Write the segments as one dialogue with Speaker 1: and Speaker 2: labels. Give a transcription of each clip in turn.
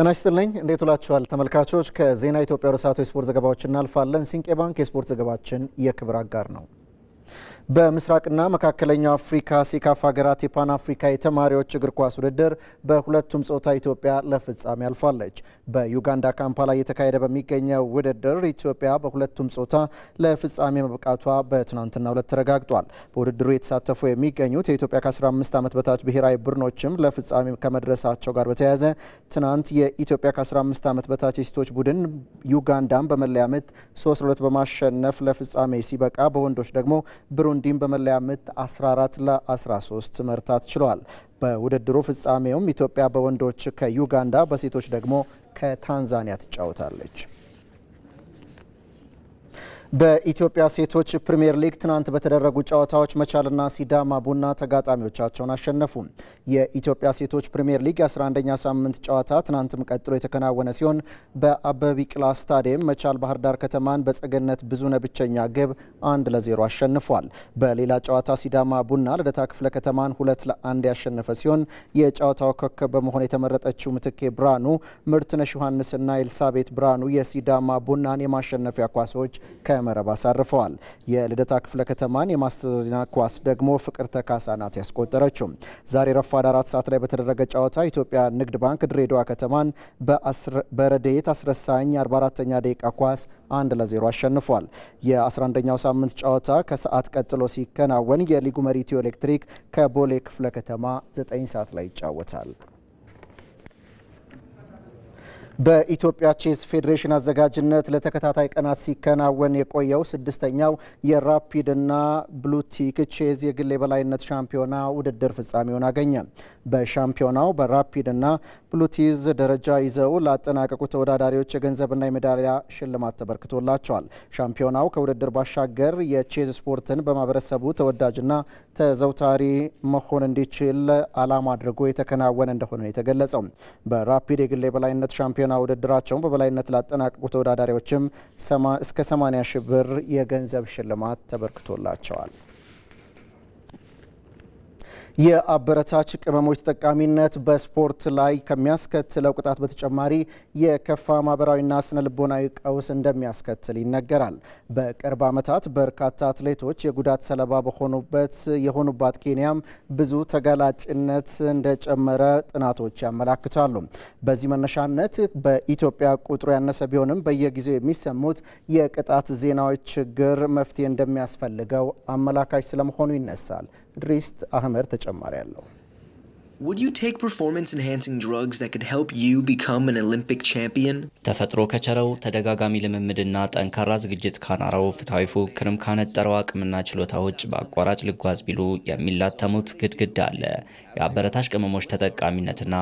Speaker 1: ጤና ይስጥልኝ እንዴት ውላችኋል ተመልካቾች። ከዜና ኢትዮጵያ ርዕሰ ስፖርት ዘገባዎች እናልፋለን። ሲንቄ ባንክ የስፖርት ዘገባችን የክብር አጋር ነው። በምስራቅና መካከለኛው አፍሪካ ሴካፍ ሀገራት የፓን አፍሪካ የተማሪዎች እግር ኳስ ውድድር በሁለቱም ጾታ ኢትዮጵያ ለፍጻሜ አልፋለች። በዩጋንዳ ካምፓላ እየተካሄደ በሚገኘው ውድድር ኢትዮጵያ በሁለቱም ጾታ ለፍጻሜ መብቃቷ በትናንትና ሁለት ተረጋግጧል። በውድድሩ የተሳተፉ የሚገኙት የኢትዮጵያ ከ15 ዓመት በታች ብሔራዊ ቡድኖችም ለፍጻሜ ከመድረሳቸው ጋር በተያያዘ ትናንት የኢትዮጵያ ከ15 ዓመት በታች የሴቶች ቡድን ዩጋንዳን በመለያ ምት 3 በማሸነፍ ለፍጻሜ ሲበቃ በወንዶች ደግሞ ብሩ ቡሩንዲን በመለያ ምት 14 ለ13 መርታት ችሏል። በውድድሩ ፍጻሜውም ኢትዮጵያ በወንዶች ከዩጋንዳ፣ በሴቶች ደግሞ ከታንዛኒያ ትጫወታለች። በኢትዮጵያ ሴቶች ፕሪምየር ሊግ ትናንት በተደረጉ ጨዋታዎች መቻልና ሲዳማ ቡና ተጋጣሚዎቻቸውን አሸነፉ። የኢትዮጵያ ሴቶች ፕሪምየር ሊግ የ11ኛ ሳምንት ጨዋታ ትናንትም ቀጥሎ የተከናወነ ሲሆን በአበበ ቢቂላ ስታዲየም መቻል ባህር ዳር ከተማን በጸገነት ብዙነህ ብቸኛ ግብ አንድ ለዜሮ አሸንፏል። በሌላ ጨዋታ ሲዳማ ቡና ልደታ ክፍለ ከተማን ሁለት ለአንድ ያሸነፈ ሲሆን የጨዋታው ኮከብ በመሆን የተመረጠችው ምትኬ ብርሃኑ፣ ምርትነሽ ዮሐንስና ኤልሳቤት ብርሃኑ የሲዳማ ቡናን የማሸነፊያ ኳሶች ከ መረብ አሳርፈዋል። የልደታ ክፍለ ከተማን የማስተዛዝና ኳስ ደግሞ ፍቅር ተካሳናት ናት ያስቆጠረችው። ዛሬ ረፋድ አራት ሰዓት ላይ በተደረገ ጨዋታ ኢትዮጵያ ንግድ ባንክ ድሬዳዋ ከተማን በረዴት አስረሳኝ 44ኛ ደቂቃ ኳስ አንድ ለዜሮ አሸንፏል። የ11ኛው ሳምንት ጨዋታ ከሰዓት ቀጥሎ ሲከናወን የሊጉ መሪ ኢትዮ ኤሌክትሪክ ከቦሌ ክፍለ ከተማ 9 ሰዓት ላይ ይጫወታል። በኢትዮጵያ ቼዝ ፌዴሬሽን አዘጋጅነት ለተከታታይ ቀናት ሲከናወን የቆየው ስድስተኛው የራፒድና ብሉቲክ ቼዝ የግል የበላይነት ሻምፒዮና ውድድር ፍጻሜውን አገኘ። በሻምፒዮናው በራፒድና ብሉቲዝ ደረጃ ይዘው ላጠናቀቁ ተወዳዳሪዎች የገንዘብና የሜዳሊያ ሽልማት ተበርክቶላቸዋል። ሻምፒዮናው ከውድድር ባሻገር የቼዝ ስፖርትን በማህበረሰቡ ተወዳጅና ተዘውታሪ መሆን እንዲችል ዓላማ አድርጎ የተከናወነ እንደሆነ የተገለጸው በራፒድ የግል የበላይነት ሻምፒዮና የግና ውድድራቸውን በበላይነት ላጠናቀቁ ተወዳዳሪዎችም እስከ 80 ሺህ ብር የገንዘብ ሽልማት ተበርክቶላቸዋል። የአበረታች ቅመሞች ተጠቃሚነት በስፖርት ላይ ከሚያስከትለው ቅጣት በተጨማሪ የከፋ ማህበራዊና ስነ ልቦናዊ ቀውስ እንደሚያስከትል ይነገራል። በቅርብ ዓመታት በርካታ አትሌቶች የጉዳት ሰለባ በሆኑበት የሆኑባት ኬንያም ብዙ ተጋላጭነት እንደጨመረ ጥናቶች ያመላክታሉ። በዚህ መነሻነት በኢትዮጵያ ቁጥሩ ያነሰ ቢሆንም በየጊዜው የሚሰሙት የቅጣት ዜናዎች ችግር መፍትሄ እንደሚያስፈልገው አመላካች ስለመሆኑ ይነሳል። ድሪስት አህመር ተጨማሪ አለው።
Speaker 2: Would you take performance enhancing drugs that could help you become an Olympic champion? ተፈጥሮ ከቸረው ተደጋጋሚ ልምምድና ጠንካራ ዝግጅት ካናራው ፍትሐዊ ፉክክርም ካነጠረው አቅምና ችሎታ ውጭ በአቋራጭ ልጓዝ ቢሉ የሚላተሙት ግድግዳ አለ። የአበረታሽ ቅመሞች ተጠቃሚነትና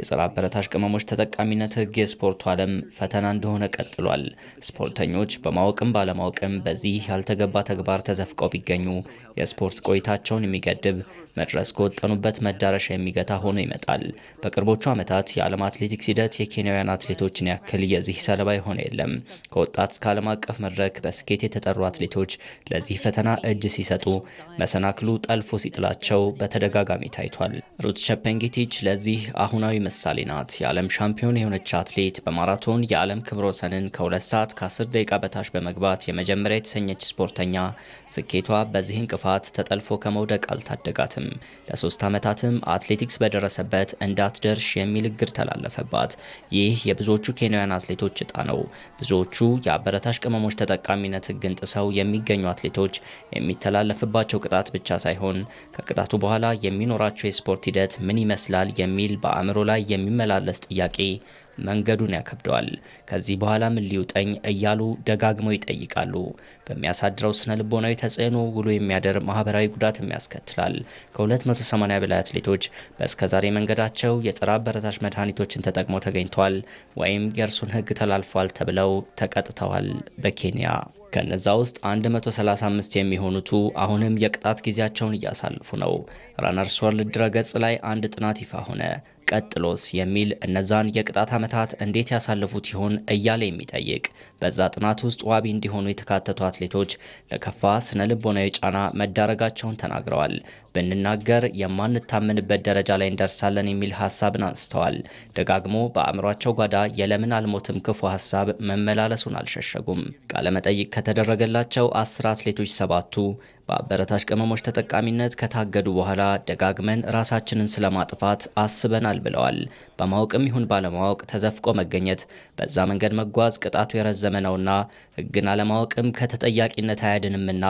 Speaker 2: የጸረ አበረታሽ ቅመሞች ተጠቃሚነት ህግ የስፖርቱ ዓለም ፈተና እንደሆነ ቀጥሏል። ስፖርተኞች በማወቅም ባለማወቅም በዚህ ያልተገባ ተግባር ተዘፍቀው ቢገኙ የስፖርት ቆይታቸውን የሚገድብ መድረስ ከወጠኑበት መዳረሻ የሚገ ገታ ሆኖ ይመጣል። በቅርቦቹ ዓመታት የዓለም አትሌቲክስ ሂደት የኬንያውያን አትሌቶችን ያክል የዚህ ሰለባ የሆነ የለም። ከወጣት እስከ ዓለም አቀፍ መድረክ በስኬት የተጠሩ አትሌቶች ለዚህ ፈተና እጅ ሲሰጡ መሰናክሉ ጠልፎ ሲጥላቸው በተደጋጋሚ ታይቷል። ሩት ሸፐንጌቲች ለዚህ አሁናዊ ምሳሌ ናት። የዓለም ሻምፒዮን የሆነች አትሌት በማራቶን የዓለም ክብረ ወሰንን ከሁለት ሰዓት ከ10 ደቂቃ በታች በመግባት የመጀመሪያ የተሰኘች ስፖርተኛ ስኬቷ በዚህ እንቅፋት ተጠልፎ ከመውደቅ አልታደጋትም። ለሶስት ዓመታትም አትሌቲክስ አትሌቲክስ በደረሰበት እንዳትደርሽ የሚል እግር ተላለፈባት። ይህ የብዙዎቹ ኬንያውያን አትሌቶች እጣ ነው። ብዙዎቹ የአበረታሽ ቅመሞች ተጠቃሚነት ህግን ጥሰው የሚገኙ አትሌቶች የሚተላለፍባቸው ቅጣት ብቻ ሳይሆን ከቅጣቱ በኋላ የሚኖራቸው የስፖርት ሂደት ምን ይመስላል የሚል በአእምሮ ላይ የሚመላለስ ጥያቄ መንገዱን ያከብደዋል። ከዚህ በኋላ ምን ሊውጠኝ እያሉ ደጋግመው ይጠይቃሉ። በሚያሳድረው ስነ ልቦናዊ ተጽዕኖ ውሎ የሚያደር ማህበራዊ ጉዳትም ያስከትላል። ከ280 በላይ አትሌቶች በእስከዛሬ መንገዳቸው የጸረ በረታሽ መድኃኒቶችን ተጠቅመው ተገኝተዋል ወይም የእርሱን ህግ ተላልፏል ተብለው ተቀጥተዋል በኬንያ። ከነዛ ውስጥ 135 የሚሆኑቱ አሁንም የቅጣት ጊዜያቸውን እያሳልፉ ነው። ራነርስ ወርልድ ድረገጽ ላይ አንድ ጥናት ይፋ ሆነ። ቀጥሎስ የሚል እነዛን የቅጣት ዓመታት እንዴት ያሳለፉት ይሆን እያለ የሚጠይቅ በዛ ጥናት ውስጥ ዋቢ እንዲሆኑ የተካተቱ አትሌቶች ለከፋ ስነ ልቦናዊ ጫና መዳረጋቸውን ተናግረዋል። ብንናገር የማንታመንበት ደረጃ ላይ እንደርሳለን የሚል ሀሳብን አንስተዋል። ደጋግሞ በአእምሯቸው ጓዳ የለምን አልሞትም ክፉ ሀሳብ መመላለሱን አልሸሸጉም። ቃለመጠይቅ ከተደረገላቸው አስር አትሌቶች ሰባቱ በአበረታች ቅመሞች ተጠቃሚነት ከታገዱ በኋላ ደጋግመን ራሳችንን ስለማጥፋት አስበናል ብለዋል። በማወቅም ይሁን ባለማወቅ ተዘፍቆ መገኘት፣ በዛ መንገድ መጓዝ ቅጣቱ የረዘመ ነውና ሕግን አለማወቅም ከተጠያቂነት አያድንምና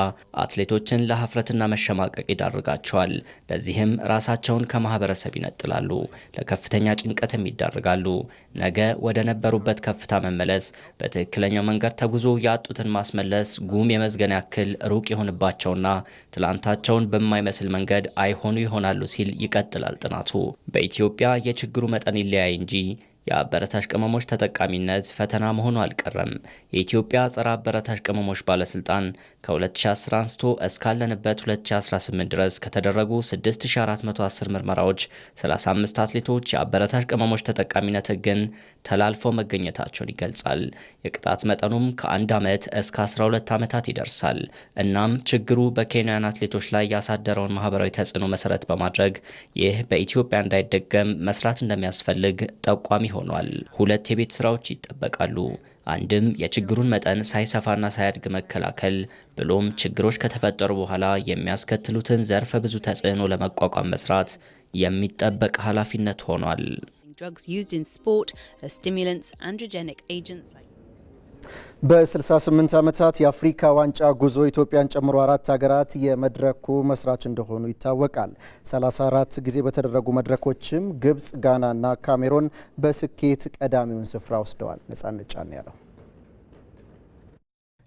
Speaker 2: አትሌቶችን ለሀፍረትና መሸማቀቅ ይዳርጋቸው ይሰማቸዋል። ለዚህም ራሳቸውን ከማህበረሰብ ይነጥላሉ፣ ለከፍተኛ ጭንቀትም ይዳርጋሉ። ነገ ወደ ነበሩበት ከፍታ መመለስ፣ በትክክለኛው መንገድ ተጉዞ ያጡትን ማስመለስ ጉም የመዝገን ያክል ሩቅ የሆንባቸውና ትላንታቸውን በማይመስል መንገድ አይሆኑ ይሆናሉ ሲል ይቀጥላል ጥናቱ። በኢትዮጵያ የችግሩ መጠን ይለያይ እንጂ የአበረታሽ ቅመሞች ተጠቃሚነት ፈተና መሆኑ አልቀረም። የኢትዮጵያ ጸረ አበረታሽ ቅመሞች ባለስልጣን ከ2010 አንስቶ እስካለንበት 2018 ድረስ ከተደረጉ 6410 ምርመራዎች 35 አትሌቶች የአበረታሽ ቅመሞች ተጠቃሚነት ግን ተላልፈው መገኘታቸውን ይገልጻል። የቅጣት መጠኑም ከአንድ ዓመት እስከ 12 ዓመታት ይደርሳል። እናም ችግሩ በኬንያን አትሌቶች ላይ ያሳደረውን ማህበራዊ ተጽዕኖ መሰረት በማድረግ ይህ በኢትዮጵያ እንዳይደገም መስራት እንደሚያስፈልግ ጠቋሚ ሆኗል። ሁለት የቤት ስራዎች ይጠበቃሉ። አንድም የችግሩን መጠን ሳይሰፋና ሳያድግ መከላከል ብሎም ችግሮች ከተፈጠሩ በኋላ የሚያስከትሉትን ዘርፈ ብዙ ተጽዕኖ ለመቋቋም መስራት የሚጠበቅ ኃላፊነት ሆኗል። drugs used in sport are stimulants,
Speaker 1: androgenic agents like በ68 ዓመታት የአፍሪካ ዋንጫ ጉዞ ኢትዮጵያን ጨምሮ አራት ሀገራት የመድረኩ መስራች እንደሆኑ ይታወቃል። 34 ጊዜ በተደረጉ መድረኮችም ግብጽ፣ ጋናና ካሜሮን በስኬት ቀዳሚውን ስፍራ ወስደዋል። ነጻነት ጫን ያለው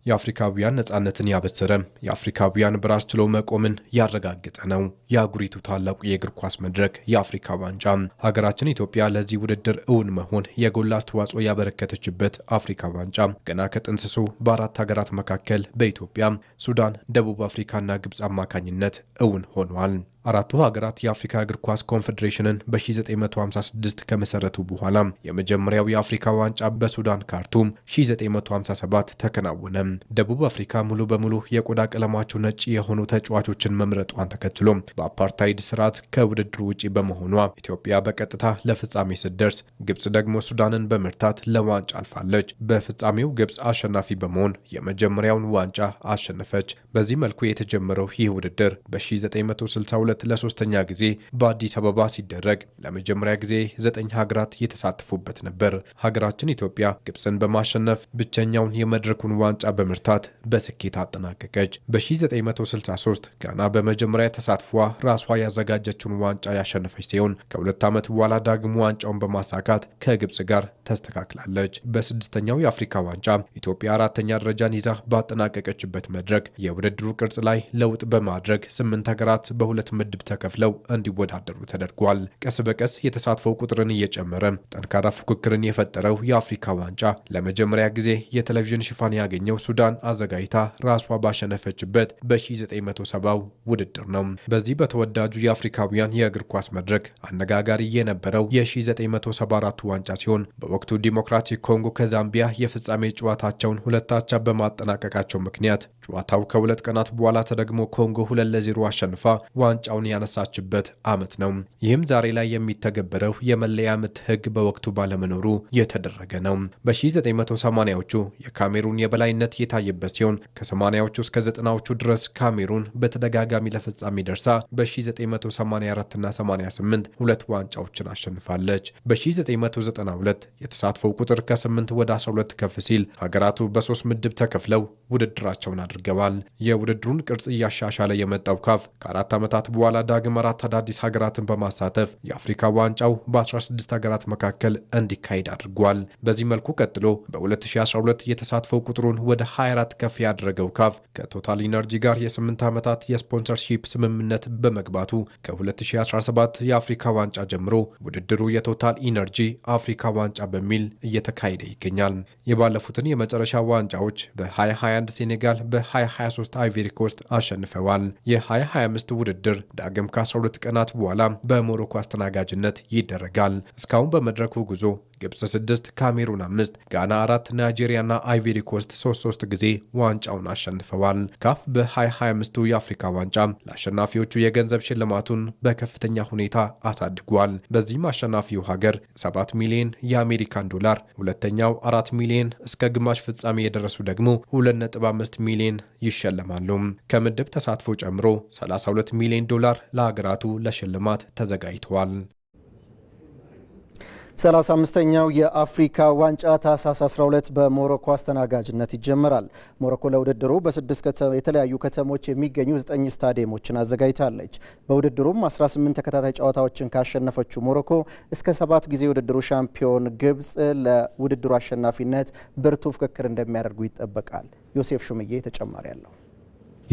Speaker 3: የአፍሪካውያን ነፃነትን ያበሰረ የአፍሪካውያን በራስ ችሎ መቆምን ያረጋገጠ ነው። የአህጉሪቱ ታላቁ የእግር ኳስ መድረክ የአፍሪካ ዋንጫ። ሀገራችን ኢትዮጵያ ለዚህ ውድድር እውን መሆን የጎላ አስተዋጽኦ ያበረከተችበት አፍሪካ ዋንጫ ገና ከጥንስሱ በአራት ሀገራት መካከል በኢትዮጵያ፣ ሱዳን፣ ደቡብ አፍሪካና ግብፅ አማካኝነት እውን ሆኗል። አራቱ ሀገራት የአፍሪካ እግር ኳስ ኮንፌዴሬሽንን በ1956 ከመሰረቱ በኋላ የመጀመሪያው የአፍሪካ ዋንጫ በሱዳን ካርቱም 1957 ተከናወነ። ደቡብ አፍሪካ ሙሉ በሙሉ የቆዳ ቀለማቸው ነጭ የሆኑ ተጫዋቾችን መምረጧን ተከትሎ በአፓርታይድ ስርዓት ከውድድሩ ውጪ በመሆኗ ኢትዮጵያ በቀጥታ ለፍጻሜ ስትደርስ፣ ግብፅ ደግሞ ሱዳንን በመርታት ለዋንጫ አልፋለች። በፍጻሜው ግብፅ አሸናፊ በመሆን የመጀመሪያውን ዋንጫ አሸነፈች። በዚህ መልኩ የተጀመረው ይህ ውድድር በ1962 ለሶስተኛ ጊዜ በአዲስ አበባ ሲደረግ ለመጀመሪያ ጊዜ ዘጠኝ ሀገራት የተሳተፉበት ነበር። ሀገራችን ኢትዮጵያ ግብፅን በማሸነፍ ብቸኛውን የመድረኩን ዋንጫ በመርታት በስኬት አጠናቀቀች። በ1963 ጋና በመጀመሪያ ተሳትፏ ራሷ ያዘጋጀችውን ዋንጫ ያሸነፈች ሲሆን ከሁለት ዓመት በኋላ ዳግም ዋንጫውን በማሳካት ከግብፅ ጋር ተስተካክላለች። በስድስተኛው የአፍሪካ ዋንጫ ኢትዮጵያ አራተኛ ደረጃን ይዛ ባጠናቀቀችበት መድረክ የውድድሩ ቅርጽ ላይ ለውጥ በማድረግ ስምንት ሀገራት በሁለት ምድብ ተከፍለው እንዲወዳደሩ ተደርጓል። ቀስ በቀስ የተሳትፎ ቁጥርን እየጨመረ ጠንካራ ፉክክርን የፈጠረው የአፍሪካ ዋንጫ ለመጀመሪያ ጊዜ የቴሌቪዥን ሽፋን ያገኘው ሱዳን አዘጋጅታ ራሷ ባሸነፈችበት በ1970 ውድድር ነው። በዚህ በተወዳጁ የአፍሪካውያን የእግር ኳስ መድረክ አነጋጋሪ የነበረው የ1974 ዋንጫ ሲሆን በወቅቱ ዲሞክራቲክ ኮንጎ ከዛምቢያ የፍጻሜ ጨዋታቸውን ሁለታቻ በማጠናቀቃቸው ምክንያት ጨዋታው ከሁለ ከሁለት ቀናት በኋላ ተደግሞ ኮንጎ ሁለት ለዜሮ አሸንፋ ዋንጫውን ያነሳችበት ዓመት ነው። ይህም ዛሬ ላይ የሚተገበረው የመለያ ምት ሕግ በወቅቱ ባለመኖሩ የተደረገ ነው። በ1980ዎቹ የካሜሩን የበላይነት የታየበት ሲሆን ከ80ዎቹ እስከ 90ዎቹ ድረስ ካሜሩን በተደጋጋሚ ለፍጻሜ ደርሳ በ1984 እና 88 ሁለት ዋንጫዎችን አሸንፋለች። በ1992 የተሳትፈው ቁጥር ከ8 ወደ 12 ከፍ ሲል ሀገራቱ በሶስት ምድብ ተከፍለው ውድድራቸውን አድርገዋል። የውድድሩን ቅርጽ እያሻሻለ የመጣው ካፍ ከአራት ዓመታት በኋላ ዳግም አራት አዳዲስ ሀገራትን በማሳተፍ የአፍሪካ ዋንጫው በ16 ሀገራት መካከል እንዲካሄድ አድርጓል። በዚህ መልኩ ቀጥሎ በ2012 የተሳትፈው ቁጥሩን ወደ 24 ከፍ ያደረገው ካፍ ከቶታል ኢነርጂ ጋር የ8 ዓመታት የስፖንሰርሺፕ ስምምነት በመግባቱ ከ2017 የአፍሪካ ዋንጫ ጀምሮ ውድድሩ የቶታል ኢነርጂ አፍሪካ ዋንጫ በሚል እየተካሄደ ይገኛል። የባለፉትን የመጨረሻ ዋንጫዎች በ2021 ሴኔጋል በ2023 2023 አይቬሪ ኮስት አሸንፈዋል። የ2025 ውድድር ዳግም ከ12 ቀናት በኋላ በሞሮኮ አስተናጋጅነት ይደረጋል። እስካሁን በመድረኩ ጉዞ ግብፅ 6 ካሜሩን 5 ጋና 4 ናይጄሪያና አይቬሪ ኮስት 33 ጊዜ ዋንጫውን አሸንፈዋል። ካፍ በ 2025 የአፍሪካ ዋንጫ ለአሸናፊዎቹ የገንዘብ ሽልማቱን በከፍተኛ ሁኔታ አሳድጓል። በዚህም አሸናፊው ሀገር 7 ሚሊዮን የአሜሪካን ዶላር፣ ሁለተኛው 4 ሚሊዮን፣ እስከ ግማሽ ፍጻሜ የደረሱ ደግሞ 2.5 ሚሊዮን ይሸል ይሸለማሉ። ከምድብ ተሳትፎ ጨምሮ 32 ሚሊዮን ዶላር ለሀገራቱ ለሽልማት ተዘጋጅተዋል።
Speaker 1: 35ኛው የአፍሪካ ዋንጫ ታህሳስ 12 በሞሮኮ አስተናጋጅነት ይጀመራል። ሞሮኮ ለውድድሩ በስድስት የተለያዩ ከተሞች የሚገኙ ዘጠኝ ስታዲየሞችን አዘጋጅታለች። በውድድሩም 18 ተከታታይ ጨዋታዎችን ካሸነፈችው ሞሮኮ እስከ ሰባት ጊዜ የውድድሩ ሻምፒዮን ግብፅ ለውድድሩ አሸናፊነት ብርቱ ፍክክር እንደሚያደርጉ ይጠበቃል። ዮሴፍ ሹምዬ ተጨማሪ አለው።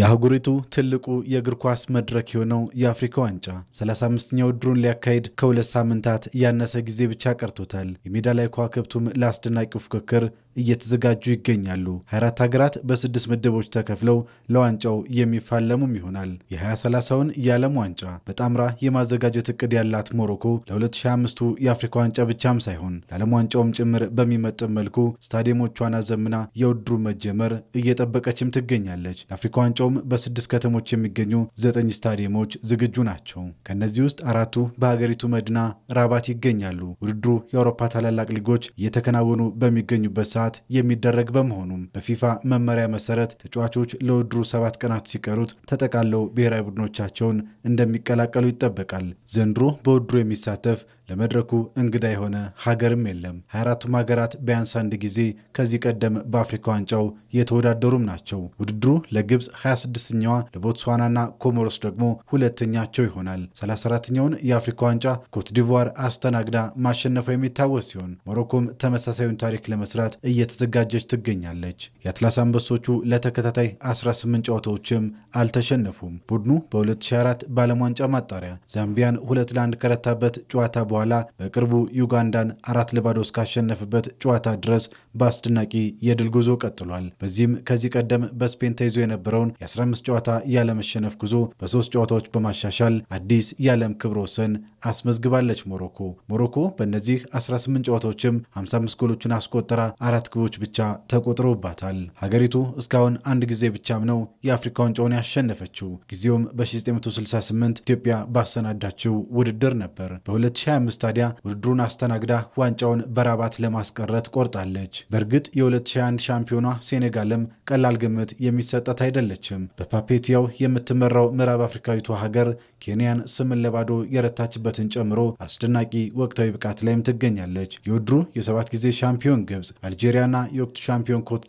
Speaker 4: የአህጉሪቱ ትልቁ የእግር ኳስ መድረክ የሆነው የአፍሪካ ዋንጫ 35ኛ ውድድሩን ሊያካሂድ ከሁለት ሳምንታት ያነሰ ጊዜ ብቻ ቀርቶታል። የሜዳ ላይ ከዋክብቱም ለአስደናቂው ፉክክር እየተዘጋጁ ይገኛሉ። 24 ሀገራት በስድስት ምድቦች ተከፍለው ለዋንጫው የሚፋለሙም ይሆናል። የ2030ውን የዓለም ዋንጫ በጣምራ የማዘጋጀት እቅድ ያላት ሞሮኮ ለ2025ቱ የአፍሪካ ዋንጫ ብቻም ሳይሆን ለዓለም ዋንጫውም ጭምር በሚመጥን መልኩ ስታዲየሞቿን አዘምና የውድድሩ መጀመር እየጠበቀችም ትገኛለች። ለአፍሪካ ዋንጫውም በስድስት ከተሞች የሚገኙ ዘጠኝ ስታዲየሞች ዝግጁ ናቸው። ከእነዚህ ውስጥ አራቱ በሀገሪቱ መዲና ራባት ይገኛሉ። ውድድሩ የአውሮፓ ታላላቅ ሊጎች እየተከናወኑ በሚገኙበት ሰዓት የሚደረግ በመሆኑም በፊፋ መመሪያ መሰረት ተጫዋቾች ለውድሩ ሰባት ቀናት ሲቀሩት ተጠቃለው ብሔራዊ ቡድኖቻቸውን እንደሚቀላቀሉ ይጠበቃል። ዘንድሮ በውድሩ የሚሳተፍ ለመድረኩ እንግዳ የሆነ ሀገርም የለም። 24ቱም ሀገራት ቢያንስ አንድ ጊዜ ከዚህ ቀደም በአፍሪካ ዋንጫው የተወዳደሩም ናቸው። ውድድሩ ለግብፅ 26ኛዋ ለቦትስዋናና ኮሞሮስ ደግሞ ሁለተኛቸው ይሆናል። 34ኛውን የአፍሪካ ዋንጫ ኮትዲቯር አስተናግዳ ማሸነፏ የሚታወስ ሲሆን ሞሮኮም ተመሳሳዩን ታሪክ ለመስራት እየተዘጋጀች ትገኛለች። የአትላስ አንበሶቹ ለተከታታይ 18 ጨዋታዎችም አልተሸነፉም። ቡድኑ በ በ204 በዓለም ዋንጫ ማጣሪያ ዛምቢያን ሁለት ለአንድ ከረታበት ጨዋታ በኋላ በኋላ በቅርቡ ዩጋንዳን አራት ለባዶ እስካሸነፍበት ጨዋታ ድረስ በአስደናቂ የድል ጉዞ ቀጥሏል። በዚህም ከዚህ ቀደም በስፔን ተይዞ የነበረውን የ15 ጨዋታ ያለመሸነፍ ጉዞ በሶስት ጨዋታዎች በማሻሻል አዲስ የዓለም ክብረ ወሰን አስመዝግባለች። ሞሮኮ ሞሮኮ በእነዚህ 18 ጨዋታዎችም 55 ጎሎችን አስቆጠራ፣ አራት ግቦች ብቻ ተቆጥሮባታል። ሀገሪቱ እስካሁን አንድ ጊዜ ብቻም ነው የአፍሪካ ዋንጫውን ያሸነፈችው። ጊዜውም በ1968 ኢትዮጵያ ባሰናዳችው ውድድር ነበር። በ2025 ታዲያ ውድድሩን አስተናግዳ ዋንጫውን በራባት ለማስቀረት ቆርጣለች። በእርግጥ የ2021 ሻምፒዮኗ ሴኔጋልም ቀላል ግምት የሚሰጣት አይደለችም። በፓፔቲያው የምትመራው ምዕራብ አፍሪካዊቷ ሀገር ኬንያን ስምን ለባዶ የረታችበት ያለችበትን ጨምሮ አስደናቂ ወቅታዊ ብቃት ላይም ትገኛለች። የውድሩ የሰባት ጊዜ ሻምፒዮን ግብፅ፣ አልጄሪያና የወቅቱ ሻምፒዮን ኮት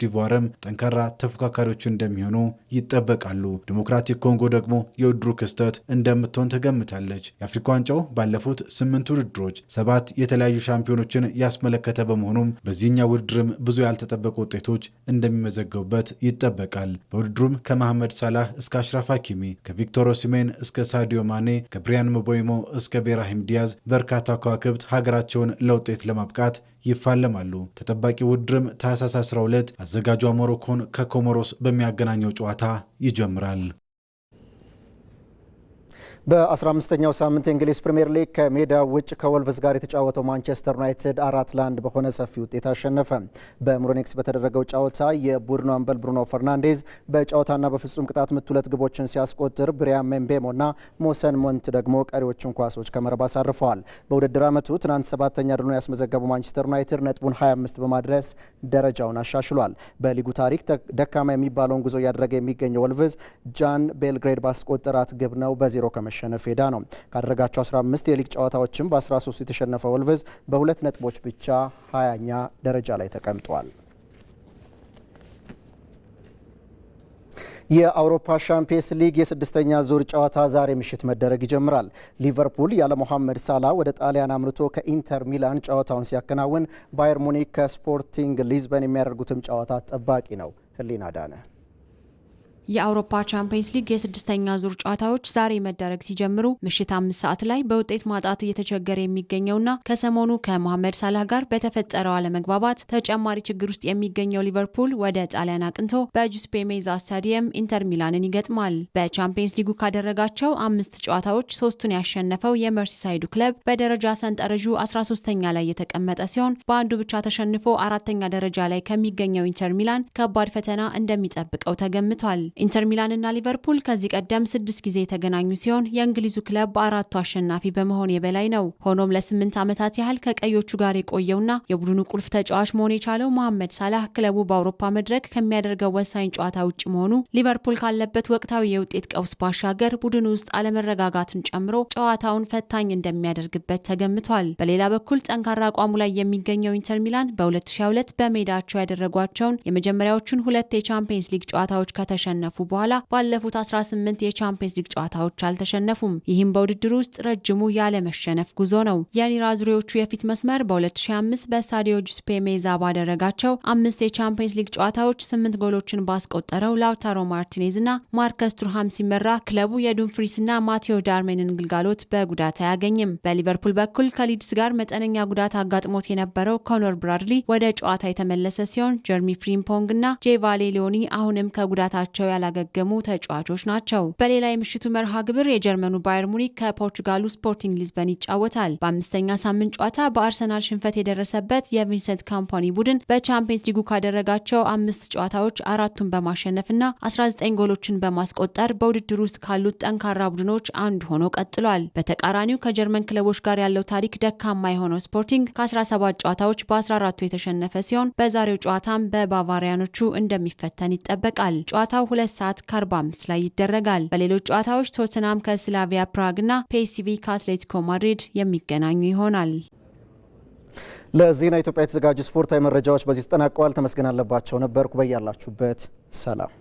Speaker 4: ጠንካራ ተፎካካሪዎች እንደሚሆኑ ይጠበቃሉ። ዲሞክራቲክ ኮንጎ ደግሞ የውድሩ ክስተት እንደምትሆን ተገምታለች። የአፍሪካ ዋንጫው ባለፉት ስምንት ውድድሮች ሰባት የተለያዩ ሻምፒዮኖችን ያስመለከተ በመሆኑም በዚህኛው ውድድርም ብዙ ያልተጠበቁ ውጤቶች እንደሚመዘገቡበት ይጠበቃል። በውድድሩም ከመሐመድ ሳላህ እስከ አሽራፍ ሐኪሚ ከቪክቶር ኦሲሜን እስከ ሳዲዮ ማኔ ከብሪያን ምቦይሞ እስከ ኢብራሂም ዲያዝ በርካታ ከዋክብት ሀገራቸውን ለውጤት ለማብቃት ይፋለማሉ። ተጠባቂ ውድድርም ታህሳስ 12 አዘጋጇ ሞሮኮን ከኮሞሮስ በሚያገናኘው ጨዋታ ይጀምራል።
Speaker 1: በ15ኛው ሳምንት የእንግሊዝ ፕሪምየር ሊግ ከሜዳ ውጭ ከወልቭዝ ጋር የተጫወተው ማንቸስተር ዩናይትድ አራት ለአንድ በሆነ ሰፊ ውጤት አሸነፈ። በሙሪኒክስ በተደረገው ጨዋታ የቡድኑ አምበል ብሩኖ ፈርናንዴዝ በጨዋታና በፍጹም ቅጣት ምት ሁለት ግቦችን ሲያስቆጥር ብሪያን ምቤሞና ሞሰን ሞንት ደግሞ ቀሪዎቹን ኳሶች ከመረብ አሳርፈዋል። በውድድር ዓመቱ ትናንት ሰባተኛ ድሉን ያስመዘገበው ማንቸስተር ዩናይትድ ነጥቡን 25 በማድረስ ደረጃውን አሻሽሏል። በሊጉ ታሪክ ደካማ የሚባለውን ጉዞ እያደረገ የሚገኘው ወልቭዝ ጃን ቤልግሬድ ባስቆጠራት ግብ ነው በዜሮ ከመ ማሸነፍ ሄዳ ነው። ካደረጋቸው 15 የሊግ ጨዋታዎችም በ13 የተሸነፈው ወልቨዝ በሁለት ነጥቦች ብቻ 20ኛ ደረጃ ላይ ተቀምጧል። የአውሮፓ ሻምፒየንስ ሊግ የስድስተኛ ዙር ጨዋታ ዛሬ ምሽት መደረግ ይጀምራል። ሊቨርፑል ያለ ሞሐመድ ሳላ ወደ ጣሊያን አምርቶ ከኢንተር ሚላን ጨዋታውን ሲያከናውን፣ ባየር ሙኒክ ከስፖርቲንግ ሊዝበን የሚያደርጉትም ጨዋታ ጠባቂ ነው። ህሊና ዳነ
Speaker 5: የአውሮፓ ቻምፒየንስ ሊግ የስድስተኛ ዙር ጨዋታዎች ዛሬ መደረግ ሲጀምሩ ምሽት አምስት ሰዓት ላይ በውጤት ማጣት እየተቸገረ የሚገኘውና ከሰሞኑ ከሞሐመድ ሳላህ ጋር በተፈጠረው አለመግባባት ተጨማሪ ችግር ውስጥ የሚገኘው ሊቨርፑል ወደ ጣሊያን አቅንቶ በጁስፔ ሜዛ ስታዲየም ኢንተር ሚላንን ይገጥማል። በቻምፒየንስ ሊጉ ካደረጋቸው አምስት ጨዋታዎች ሶስቱን ያሸነፈው የመርሲሳይዱ ክለብ በደረጃ ሰንጠረዡ 13ተኛ ላይ የተቀመጠ ሲሆን በአንዱ ብቻ ተሸንፎ አራተኛ ደረጃ ላይ ከሚገኘው ኢንተር ሚላን ከባድ ፈተና እንደሚጠብቀው ተገምቷል። ኢንተር ሚላንና ሊቨርፑል ከዚህ ቀደም ስድስት ጊዜ የተገናኙ ሲሆን የእንግሊዙ ክለብ በአራቱ አሸናፊ በመሆን የበላይ ነው። ሆኖም ለስምንት ዓመታት ያህል ከቀዮቹ ጋር የቆየውና የቡድኑ ቁልፍ ተጫዋች መሆን የቻለው መሐመድ ሳላህ ክለቡ በአውሮፓ መድረክ ከሚያደርገው ወሳኝ ጨዋታ ውጭ መሆኑ ሊቨርፑል ካለበት ወቅታዊ የውጤት ቀውስ ባሻገር ቡድኑ ውስጥ አለመረጋጋትን ጨምሮ ጨዋታውን ፈታኝ እንደሚያደርግበት ተገምቷል። በሌላ በኩል ጠንካራ አቋሙ ላይ የሚገኘው ኢንተር ሚላን በ2022 በሜዳቸው ያደረጓቸውን የመጀመሪያዎቹን ሁለት የቻምፒየንስ ሊግ ጨዋታዎች ከተሸነ ከተሸነፉ በኋላ ባለፉት 18 የቻምፒየንስ ሊግ ጨዋታዎች አልተሸነፉም። ይህም በውድድሩ ውስጥ ረጅሙ ያለመሸነፍ ጉዞ ነው። የኒራ ዙሪዎቹ የፊት መስመር በ2005 በስታዲዮ ጁስፔ ሜዛ ባደረጋቸው አምስት የቻምፒየንስ ሊግ ጨዋታዎች ስምንት ጎሎችን ባስቆጠረው ላውታሮ ማርቲኔዝ እና ማርከስ ቱርሃም ሲመራ ክለቡ ና ማቴዎ ዳርሜንን ግልጋሎት በጉዳት አያገኝም። በሊቨርፑል በኩል ከሊድስ ጋር መጠነኛ ጉዳት አጋጥሞት የነበረው ኮኖር ብራድሊ ወደ ጨዋታ የተመለሰ ሲሆን ጀርሚ ፍሪምፖንግ እና ጄቫሌ ሊዮኒ አሁንም ከጉዳታቸው ያላገገሙ ተጫዋቾች ናቸው። በሌላ የምሽቱ መርሃ ግብር የጀርመኑ ባየር ሙኒክ ከፖርቹጋሉ ስፖርቲንግ ሊዝበን ይጫወታል። በአምስተኛ ሳምንት ጨዋታ በአርሰናል ሽንፈት የደረሰበት የቪንሰንት ካምፓኒ ቡድን በቻምፒየንስ ሊጉ ካደረጋቸው አምስት ጨዋታዎች አራቱን በማሸነፍና 19 ጎሎችን በማስቆጠር በውድድር ውስጥ ካሉት ጠንካራ ቡድኖች አንዱ ሆኖ ቀጥሏል። በተቃራኒው ከጀርመን ክለቦች ጋር ያለው ታሪክ ደካማ የሆነው ስፖርቲንግ ከ17 ጨዋታዎች በ14ቱ የተሸነፈ ሲሆን በዛሬው ጨዋታም በባቫሪያኖቹ እንደሚፈተን ይጠበቃል። ጨዋታው ሁለት ሰዓት ከ45 ላይ ይደረጋል። በሌሎች ጨዋታዎች ቶትናም ከስላቪያ ፕራግ እና ፔሲቪ ከአትሌቲኮ ማድሪድ የሚገናኙ ይሆናል።
Speaker 1: ለዜና ኢትዮጵያ የተዘጋጁ ስፖርታዊ መረጃዎች በዚህ ተጠናቀዋል። ተመስገን አለባቸው ነበርኩ። በያላችሁበት ሰላም